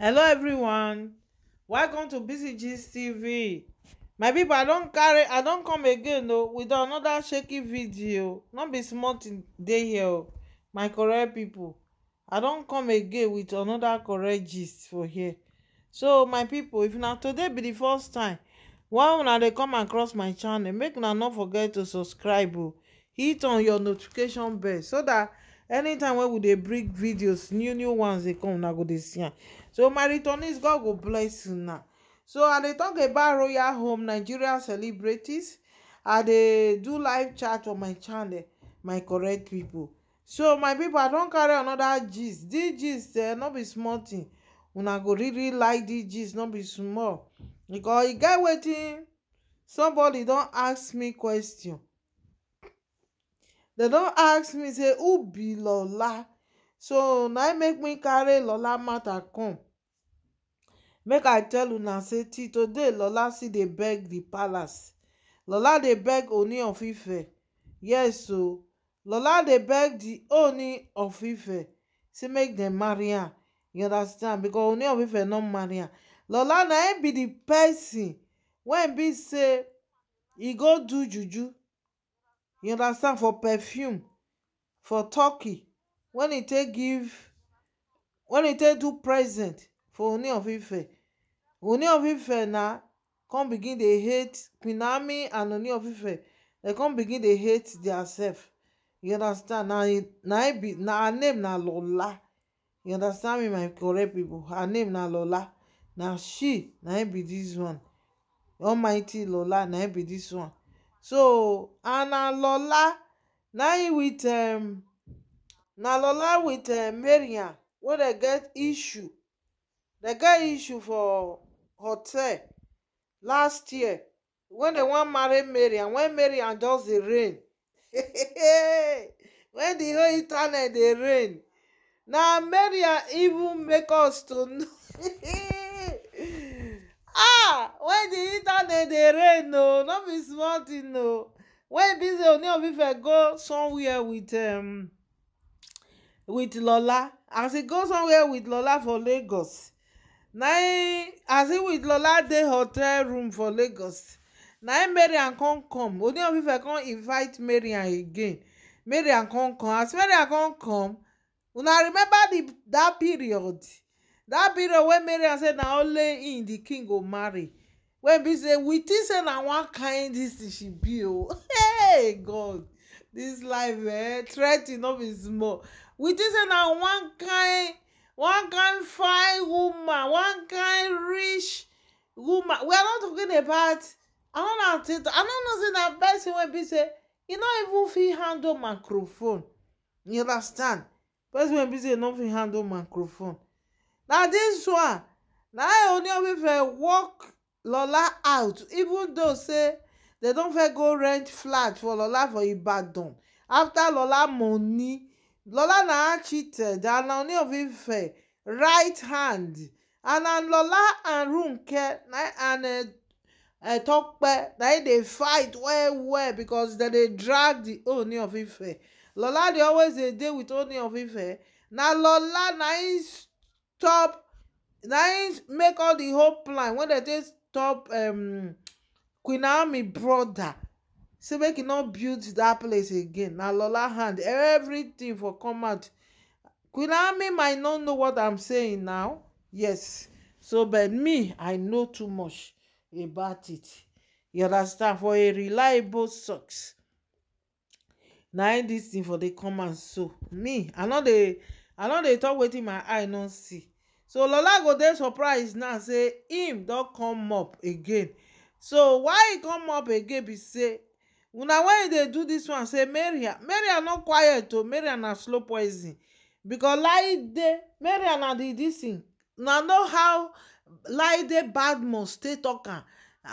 hello everyone welcome to bc tv my people. i don carry i don come again oh. o with another shaky video no be small tin dey here o oh. my correct people. i don come again with another correct gist for here so my people, if na today be the first time while una dey come across my channel make una no forget to subscribe o oh. hit on your notification bell so that anytime wey we dey bring videos new new ones dey come una go dey see am so my returnees god go bless now. so i dey talk about royal home Nigerian celebrities i dey do live chat on my channel my correct people. so my people, i don't carry another gist This gist eh no be small tin una go really like this gist not be small Because e get wetin somebody don't ask me question They don't ask me say who be lola so now make me carry lola matter come make i tell una say till today lola still dey beg di palace lola dey beg oni of ife yes o lola dey beg di oni of ife say make dem marry am you understand because oni of ife no marry am lola na im be di pesin wey be say e go do juju you understand for perfume for turkey When e take give when e take do present for oni of ife Oni of Ife na come begin dey hate Queen Naomi and Oni of Ife dem come begin dey hate themselves. you understand na na e na her name na Lola you understand me my correct people. her name na Lola na she na im be this one almighty Lola na im be this one so Anna Lola na im with um, na Lola with um, uh, Mariam wey dey get issue dey get issue for hotel last year when they want marry mary and when mary and just dey rain wen di whole internet dey rain now mary even make us to know ah wen di internet dey rain no not be small tin o wen e be say oni of ife go somewhere with um with lola as he go somewhere with lola for lagos na as he with Lola, dey hotel room for lagos na im marian come come ooni of invite marian again marian come come as marian come come una remember the that period That period when marian say na only im the king go marry When be say we think say na one kind dis thing she be o oh. hey god this life eh threatening no be small we think say na one kind one kind fine woman one kind rich woman we are not talking about i don't know i don't know say na person wey be say e no even fit handle microphone you understand person wey be say e no fit handle microphone na dis one na only of ife work lola out even though say they don't first go rent flat for lola for ibadan after lola money Lola Naachi that na only of Ife right hand and then Lola and Runke and uh, uh, Tope na dey fight well well because dem dey drag the only of Ife Lola dey always dey deal with only of Ife Now Lola na im stop na im make all the whole plan when they take stop um, Queen Naomi brother say make e no build that place again na lola hand everything for come out queen might not know what i'm saying now yes so but me i know too much about it you understand for a reliable source, na im dis thing for dey come out so me i no dey i no dey talk wetin my eye no see so lola go dey surprise now say im don come up again so why e come up again be say una wen dey do this one say maria maria no quiet o maria na slow poison becos laide maria na di this thing na know how laide badmus stay tok am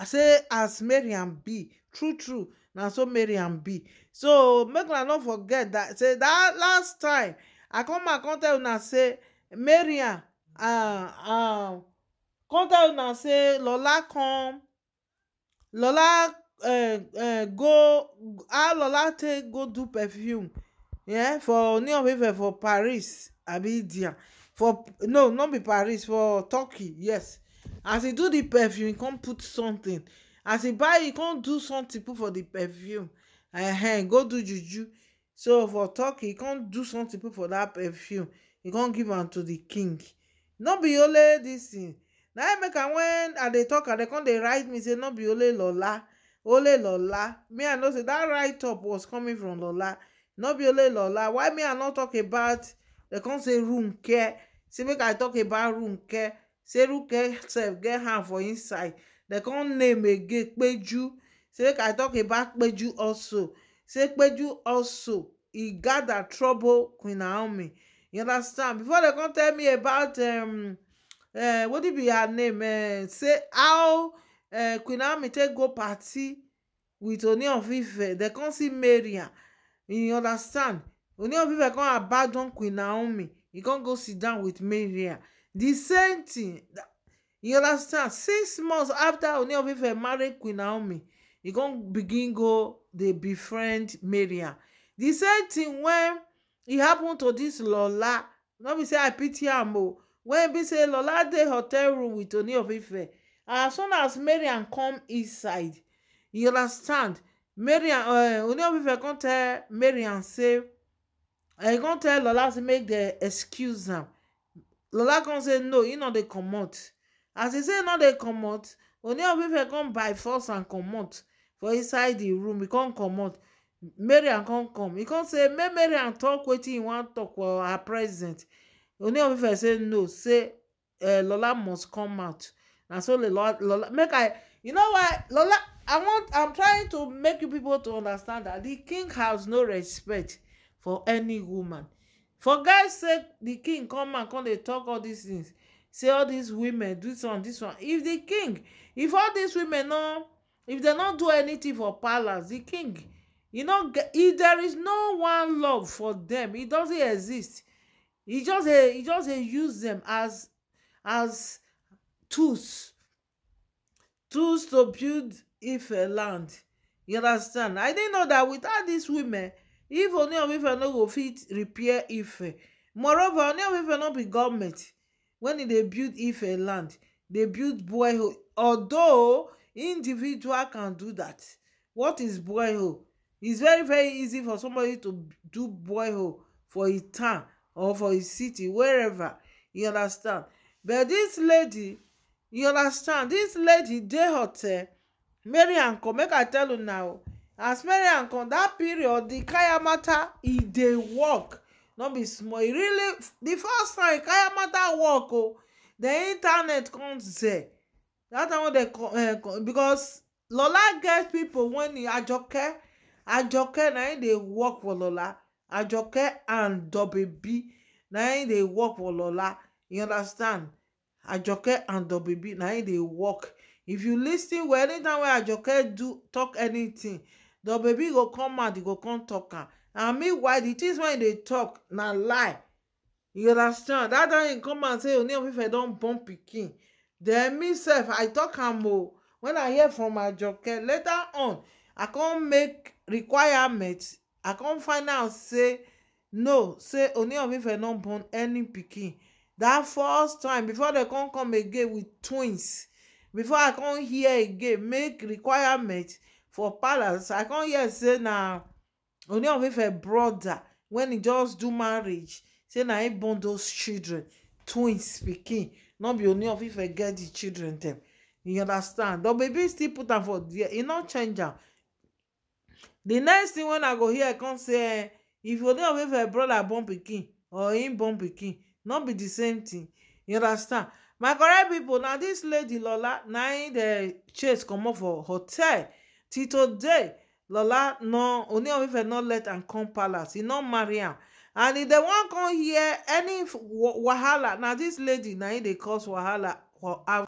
say as Maria be true true na so Maria be so make una no forget that say that last time i come and come tell una say Maria uh, uh, come tell una say lola come lola uh, uh, go alola take go do perfume yeah, for Ooni of for Paris Abidjan for no no be Paris for Turkey yes as he do the perfume he come put something as he buy he come do something put for the perfume uh -huh, go do juju so for Turkey he come do something put for that perfume he come give am to the king no be only this thing na make am when i dey talk i dey come dey write me say no be only Lola only lola me i know say dat write up was coming from lola Not be only lola why me i not talk about dem come say care? See make i talk about room runke say care sef get hand for inside dem come name again peju See make i talk about peju also say peju also He got that trouble queen naomi you understand before dem come tell me about um uh, what it be her name uh, say how Eh, queen naomi take go party with oni of ife dem come see maria you understand oni of ife come abandon queen naomi He come go sit down with maria the same thing you understand six months after oni of ife marry queen naomi he come begin go dey befriend maria the same thing when e happen to this lola no be say i pity am o when be say lola dey hotel room with oni of ife as soon as marian come inside you understand marian uh, eh, Ooni come tell marian say I eh, he come tell lola say make dem excuse am lola come say no he no dey comot as he say he no dey comot Ooni of Ife come by force and comot for inside the room he come comot marian come come he come say make marian talk wetin he wan talk for her president. Ooni of say no say uh, lola must come out na so lola lola make i you know why lola i want i'm trying to make you people to understand that the king has no respect for any woman for guys sake the king come and come dey talk all these things say all these women this one this one if the king if all these women no if they no do anything for palace the king you know if there is no one love for them, it doesn't exist He just dey e just dey use them as as tools tools to build ife land you understand i dey know that without these women if oni of ife no go fit repair ife moreover oni of ife no be government when e dey build ife land dey build borehole although individual can do that what is borehole it's very very easy for somebody to do borehole for a town or for a city wherever you understand but this lady you understand this lady dey hotel mary and make i tell una o as mary and that period the kaya mata e dey work no be small e really the first time kaya mata work o oh, the internet come there dat time wey dem eh, because lola get pipo wen e ajoke ajoke na im dey work for lola ajoke and dobebi na im dey work for lola you understand ajoke and dobibi na im dey work if you listen well anytime wey ajoke do talk anything dobibi go come out he go come talk am and meanwhile the things when they talk na lie you understand That time he come and say only of ife don born picking. Then me sef i talk am When i hear from joker later on i come make requirements. i come find out say no say only of ife no born any picking. That first time before dem come come again with twins before i come hear again make requirement for palace i come hear say na only of ife brother when he just do marriage say na he born those children twins pikin no be only of ife get the children dem you understand but baby still put am for there e no change am the next thing wey i go hear come say eh, if only of ife brother born pikin or him born pikin no be the same thing, you understand my correct people. na this lady lola na im dey chase comot for hotel till today lola no oni of ife no let am come palace He no marry am and if dem wan come hear any wahala na this lady na im dey cause wahala for